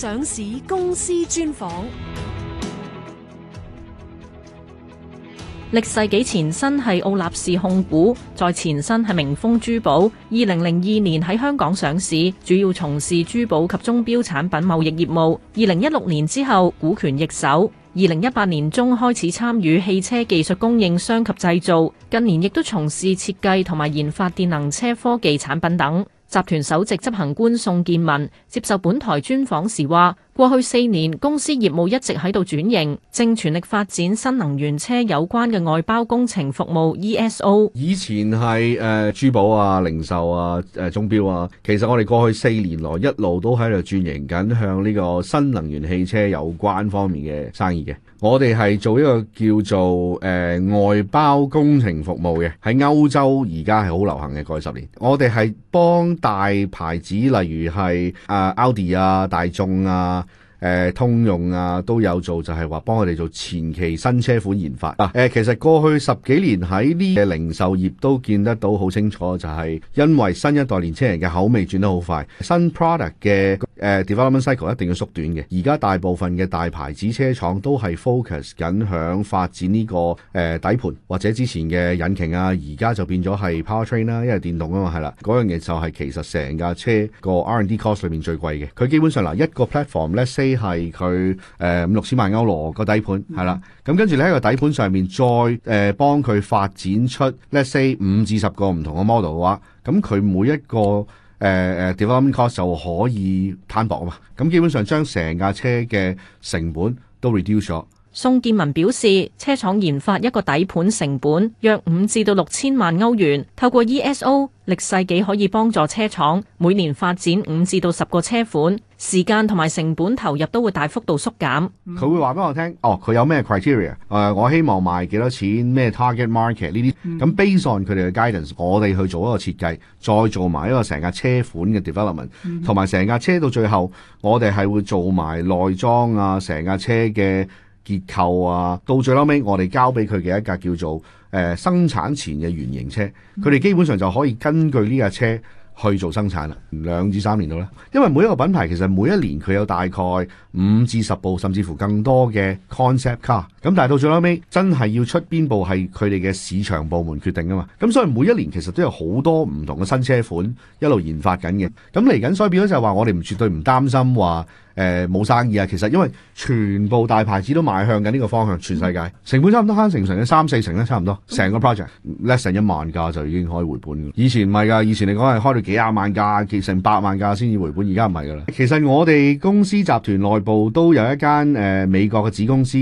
上市公司專訪。力世紀前身係奧立仕控股，再前身係明豐珠寶。二零零二年喺香港上市，主要從事珠寶及鐘表產品貿易業務。二零一六年之後股權易手，二零一八年中開始參與汽車技術供應商及製造，近年亦都從事設計同埋研發電能車科技產品等。集團首席執行官宋建文接受本台專訪時話：過去四年公司業務一直喺度轉型，正全力發展新能源車有關嘅外包工程服務。ESO 以前係誒、呃、珠寶啊、零售啊、誒鐘錶啊，其實我哋過去四年來一路都喺度轉型緊向呢個新能源汽車有關方面嘅生意嘅。我哋係做一個叫做誒、呃、外包工程服務嘅，喺歐洲而家係好流行嘅過去十年。我哋係幫大牌子，例如係啊、呃、Audi 啊、大眾啊。誒通用啊都有做，就係話幫佢哋做前期新車款研發。嗱、啊、誒、呃，其實過去十幾年喺呢嘅零售業都見得到好清楚，就係因為新一代年輕人嘅口味轉得好快，新 product 嘅誒、呃、development cycle 一定要縮短嘅。而家大部分嘅大牌子車廠都係 focus 緊響發展呢、這個誒、呃、底盤或者之前嘅引擎啊，而家就變咗係 powertrain 啦、啊，因為電動啊嘛係啦，嗰樣嘢就係其實成架車個 R&D cost 裏面最貴嘅。佢基本上嗱一個 platform，let's say 係佢誒五六千萬歐羅個底盤係啦，咁、嗯、跟住你喺個底盤上面再誒、呃、幫佢發展出 let's say 五至十個唔同嘅 model 嘅話，咁佢每一個誒誒、呃、development cost 就可以攤薄啊嘛，咁、嗯、基本上將成架車嘅成本都 reduce 咗。宋建文表示，車廠研發一個底盤成本約五至到六千萬歐元，透過 ESO 力世紀可以幫助車廠每年發展五至到十個車款。時間同埋成本投入都會大幅度縮減。佢、嗯、會話俾我聽，哦，佢有咩 criteria？誒、呃，我希望賣幾多錢？咩 target market 呢啲？咁、嗯、based on 佢哋嘅 guidance，我哋去做一個設計，再做埋一個成架車款嘅 development，同埋成架車到最後，我哋係會做埋內裝啊，成架車嘅結構啊，到最後尾，我哋交俾佢嘅一架叫做誒、呃、生產前嘅原型車，佢哋基本上就可以根據呢架車。去做生產啦，兩至三年度啦，因為每一個品牌其實每一年佢有大概五至十部，甚至乎更多嘅 concept car。咁但係到最後尾，真係要出邊部係佢哋嘅市場部門決定噶嘛？咁所以每一年其實都有好多唔同嘅新車款一路研發緊嘅。咁嚟緊所以變咗就係話，我哋唔絕對唔擔心話。誒冇、呃、生意啊！其實因為全部大牌子都邁向緊呢個方向，全世界成本差唔多慳成多成嘅三四成咧，差唔多成個 project less 成一萬架就已經可以回本。以前唔係㗎，以前你講係開到幾廿萬架，結成百萬架先至回本，而家唔係㗎啦。其實我哋公司集團內部都有一間誒、呃、美國嘅子公司，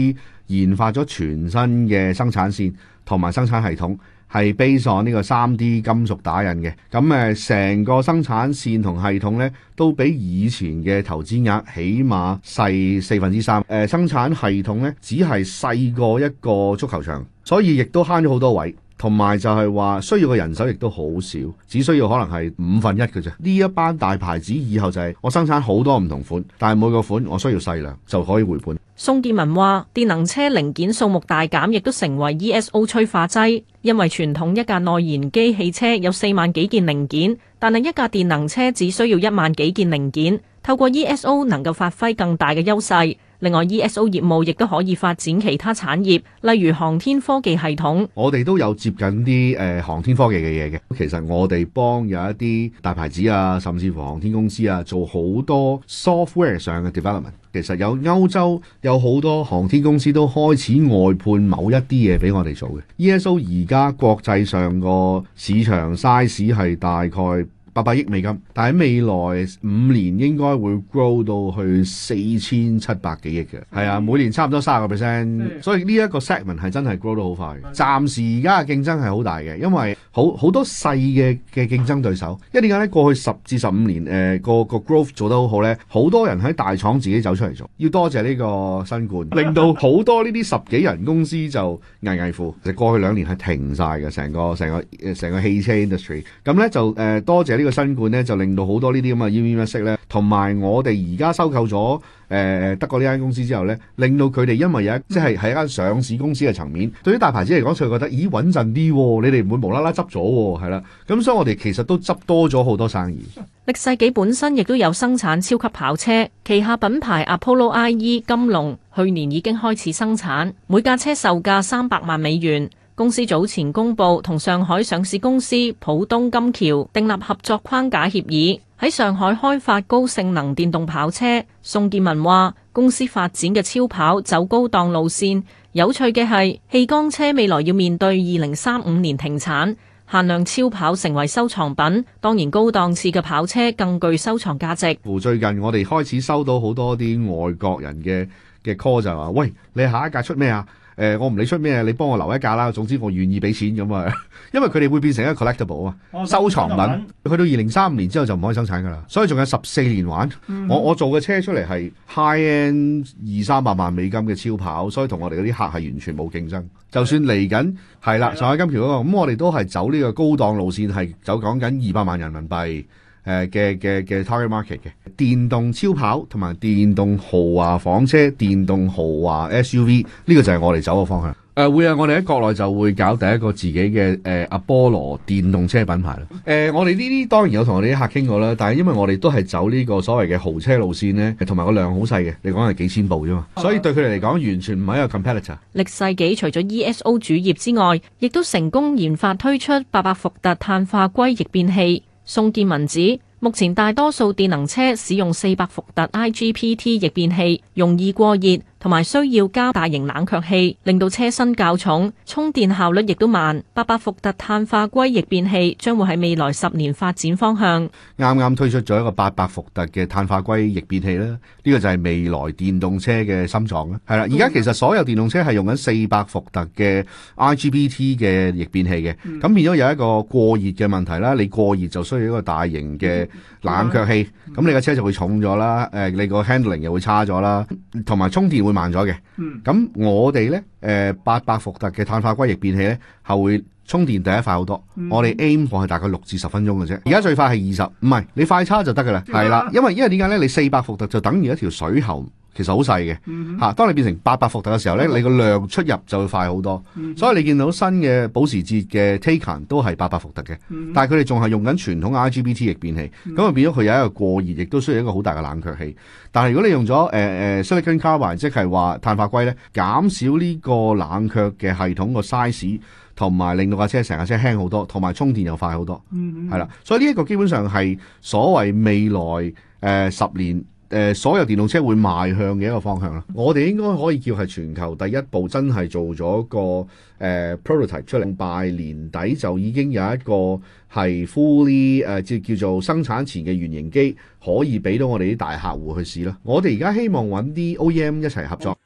研發咗全新嘅生產線同埋生產系統。係 base on 呢個三 D 金屬打印嘅，咁誒成個生產線同系統咧都比以前嘅投資額起碼細四分之三，誒生產系統咧只係細過一個足球場，所以亦都慳咗好多位。同埋就係話需要嘅人手亦都好少，只需要可能係五分一嘅啫。呢一班大牌子以後就係我生產好多唔同款，但係每個款我需要細量就可以回本。宋建文話：電能車零件數目大減，亦都成為 ESO 催化劑，因為傳統一架內燃機汽車有四萬幾件零件，但係一架電能車只需要一萬幾件零件，透過 ESO 能夠發揮更大嘅優勢。另外，E S O 業務亦都可以發展其他產業，例如航天科技系統。我哋都有接緊啲誒航天科技嘅嘢嘅。其實我哋幫有一啲大牌子啊，甚至乎航天公司啊，做好多 software 上嘅 development。其實有歐洲有好多航天公司都開始外判某一啲嘢俾我哋做嘅。E S O 而家國際上個市場 size 係大概，八百億美金，但喺未來五年應該會 grow 到去四千七百幾億嘅，係啊，每年差唔多三十個 percent，所以呢一個 segment 係真係 grow 得好快。暫時而家嘅競爭係好大嘅，因為，好好多細嘅嘅競爭對手，因為點解咧？過去十至十五年，誒個個 growth 做得好好咧，好多人喺大廠自己走出嚟做，要多謝呢個新冠，令到好多呢啲十幾人公司就危危乎。其實過去兩年係停晒嘅，成個成個成個汽車 industry。咁咧就誒，多謝呢個新冠咧，就令到好多呢啲咁嘅奄奄一息咧，同埋我哋而家收購咗。誒德國呢間公司之後呢令到佢哋因為有即係喺一間上市公司嘅層面，對於大牌子嚟講，佢哋覺得咦穩陣啲喎，你哋唔會無啦啦執咗喎，係啦，咁所以我哋其實都執多咗好多生意。力世紀本身亦都有生產超級跑車，旗下品牌 Apollo IE 金龍去年已經開始生產，每架車售價三百萬美元。公司早前公佈同上海上市公司浦東金橋訂立合作框架協議，喺上海開發高性能電動跑車。宋建文話：公司發展嘅超跑走高檔路線，有趣嘅係氣缸車未來要面對二零三五年停產，限量超跑成為收藏品，當然高檔次嘅跑車更具收藏價值。最近我哋開始收到好多啲外國人嘅嘅 call 就話：「喂，你下一屆出咩啊？誒、呃，我唔理出咩，你幫我留一架啦。總之我願意俾錢咁啊，因為佢哋會變成一個 collectible 啊、哦，收藏品。去到二零三五年之後就唔可以生產噶啦，所以仲有十四年玩。嗯、哼我我做嘅車出嚟係 high end 二三百萬美金嘅超跑，所以同我哋嗰啲客係完全冇競爭。就算嚟緊係啦，上海金橋嗰、那個，咁的我哋都係走呢個高檔路線，係走講緊二百萬人民幣。誒嘅嘅嘅 target market 嘅電動超跑同埋電動豪華房車、電動豪華 SUV，呢個就係我哋走嘅方向。誒、呃、會啊，我哋喺國內就會搞第一個自己嘅誒阿波羅電動車品牌啦。誒、呃，我哋呢啲當然有同我哋啲客傾過啦，但係因為我哋都係走呢個所謂嘅豪車路線咧，同埋個量好細嘅，你講係幾千部啫嘛，所以對佢哋嚟講完全唔係一個 competitor。力世紀除咗 ESO 主業之外，亦都成功研發推出八百伏特碳化硅逆變器。宋建文指，目前大多數電能車使用四百伏特 IGBT 逆變器，容易過熱。同埋需要加大型冷卻器，令到車身較重，充電效率亦都慢。八百伏特碳化硅逆變器將會喺未來十年發展方向。啱啱推出咗一個八百伏特嘅碳化硅逆變器啦，呢，呢個就係未來電動車嘅心臟啦。係啦，而家其實所有電動車係用緊四百伏特嘅 IGBT 嘅逆變器嘅，咁變咗有一個過熱嘅問題啦。你過熱就需要一個大型嘅冷卻器，咁你嘅車就會重咗啦。誒，你個 handling 又會差咗啦，同埋充電。會慢咗嘅，咁、嗯、我哋咧，誒、呃，八百伏特嘅碳化硅逆變器咧，係會充電第一快好多。嗯、我哋 aim 過係大概六至十分鐘嘅啫，而家、哦、最快係二十，唔係你快叉就得噶啦，係啦、嗯，因為因為點解咧？你四百伏特就等於一條水喉，其實好細嘅嚇，mm hmm. 當你變成八百伏特嘅時候咧，你個量出入就會快好多。Mm hmm. 所以你見到新嘅保時捷嘅 Taycan 都係八百伏特嘅，mm hmm. 但係佢哋仲係用緊傳統嘅 IGBT 逆變器，咁啊、mm hmm. 變咗佢有一個過熱，亦都需要一個好大嘅冷卻器。但係如果你用咗誒誒 Silicon Carbide 即係話碳化硅咧，減少呢個冷卻嘅系統 size, 個 size，同埋令到架車成架車輕好多，同埋充電又快好多。係啦、mm hmm.，所以呢一個基本上係所謂未來誒、呃、十年。誒所有電動車會邁向嘅一個方向啦，我哋應該可以叫係全球第一部真係做咗個誒、呃、prototype 出嚟，拜年底就已經有一個係 fully 誒、呃、即叫做生產前嘅原型機，可以俾到我哋啲大客戶去試啦。我哋而家希望揾啲 OEM 一齊合作。嗯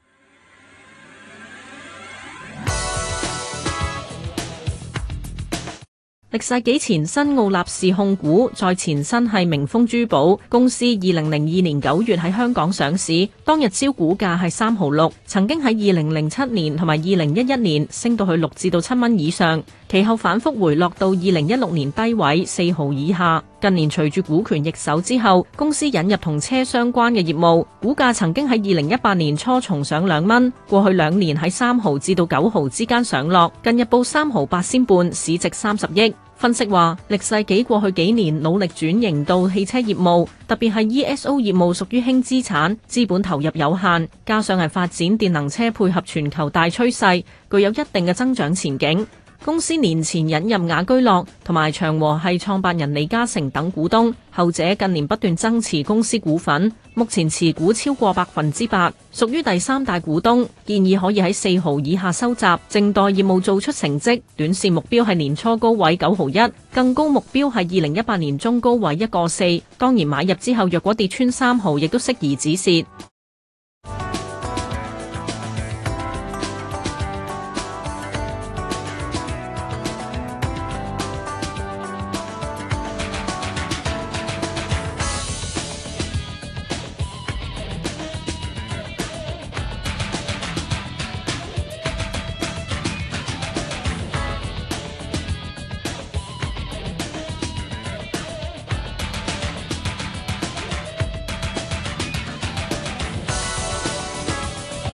力世紀前身奧立仕控股再前身係明豐珠寶公司，二零零二年九月喺香港上市，當日招股價係三毫六，曾經喺二零零七年同埋二零一一年升到去六至到七蚊以上，其後反覆回落到二零一六年低位四毫以下。近年隨住股權易手之後，公司引入同車相關嘅業務，股價曾經喺二零一八年初重上兩蚊。過去兩年喺三毫至到九毫之間上落，近日報三毫八仙半，市值三十億。分析話，力世紀過去幾年努力轉型到汽車業務，特別係 ESO 業務屬於輕資產，資本投入有限，加上係發展電能車配合全球大趨勢，具有一定嘅增長前景。公司年前引入雅居樂同埋長和系創辦人李嘉誠等股東，後者近年不斷增持公司股份，目前持股超過百分之八，屬於第三大股東。建議可以喺四毫以下收集，靜待業務做出成績，短線目標係年初高位九毫一，更高目標係二零一八年中高位一個四。當然買入之後若果跌穿三毫，亦都適宜止蝕。